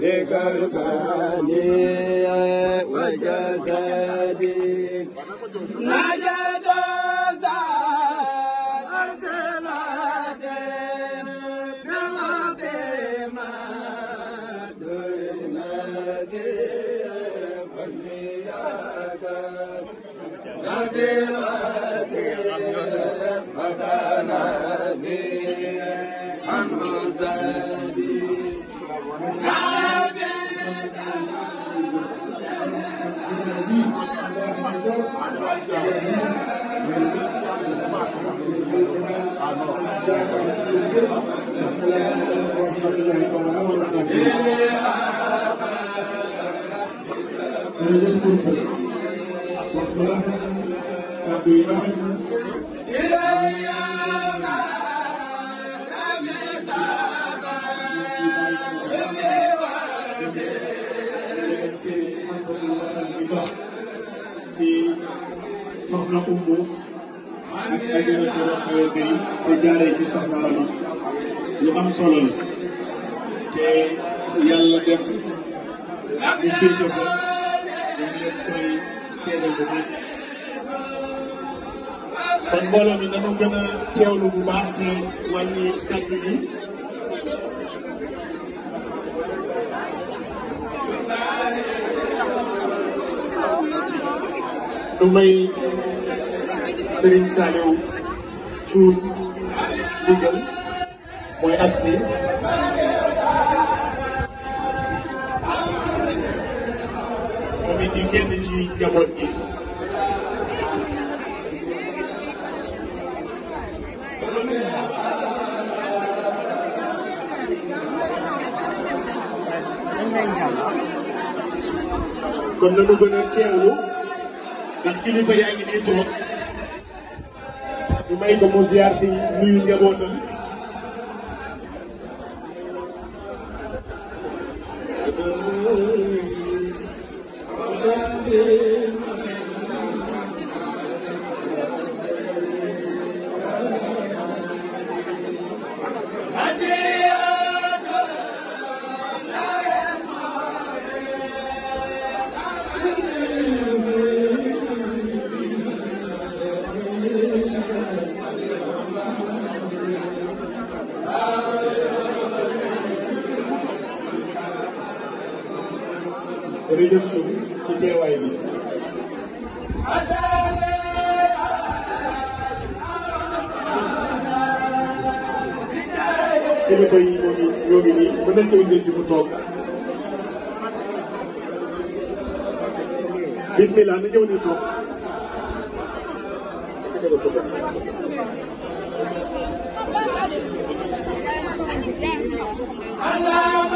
بقرباني وجسدي نجد زاد العزيم بعظيمة دنازي فلياك نبي حسنتي عن حسدي إلي ما لم يسأل soxna Oumou ak ajaratu Rokhaya bi te jaaree ci soxna Rabi lu am solo la te yàlla def ñu féete ko dañ koy seedal bu baax kon mbooloo dama gën a teewlu bu baax ci wàññi kàddu yi lu may Serigne Saliou Thioune dugal mooy agsi ci njaboot kon nanu gën a teewlu ndax kilifa yaa ngi nii toog may ko mu ziar si nuyu njabootam jërëjëf suuf ci teewaay bi. kilifa yi ñoo ngi ñoo ngi nii mën nañ koy indil fi mu toog. bismillah na ñëw ni toog. Allah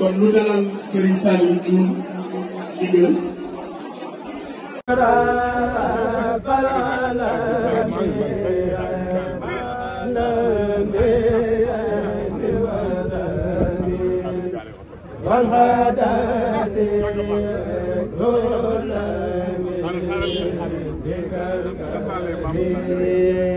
kon nu dalal Serigne Saliou Thioune ndigal Thank you.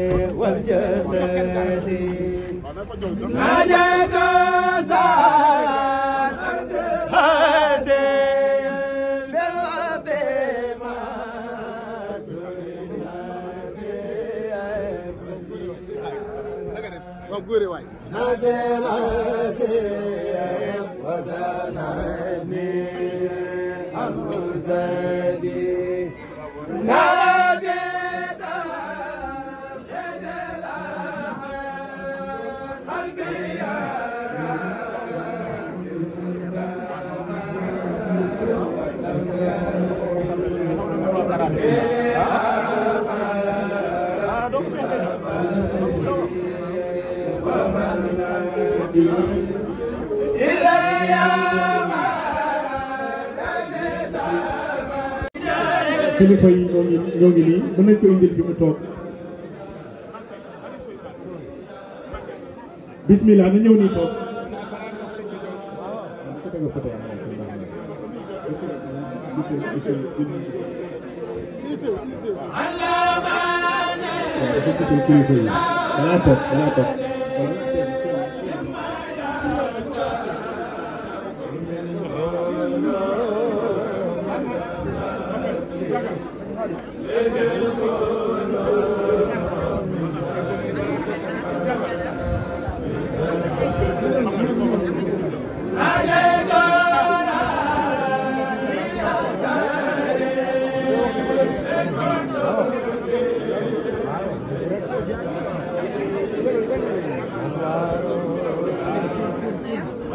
Now kilifa yi ñoo toog bismillah na ñëw nii toog علمنا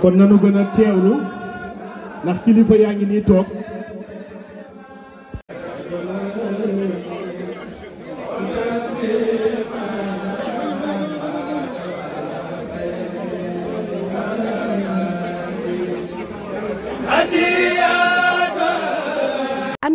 kon nanu gën a teewlu ndax kilifa yaa ngi ni toog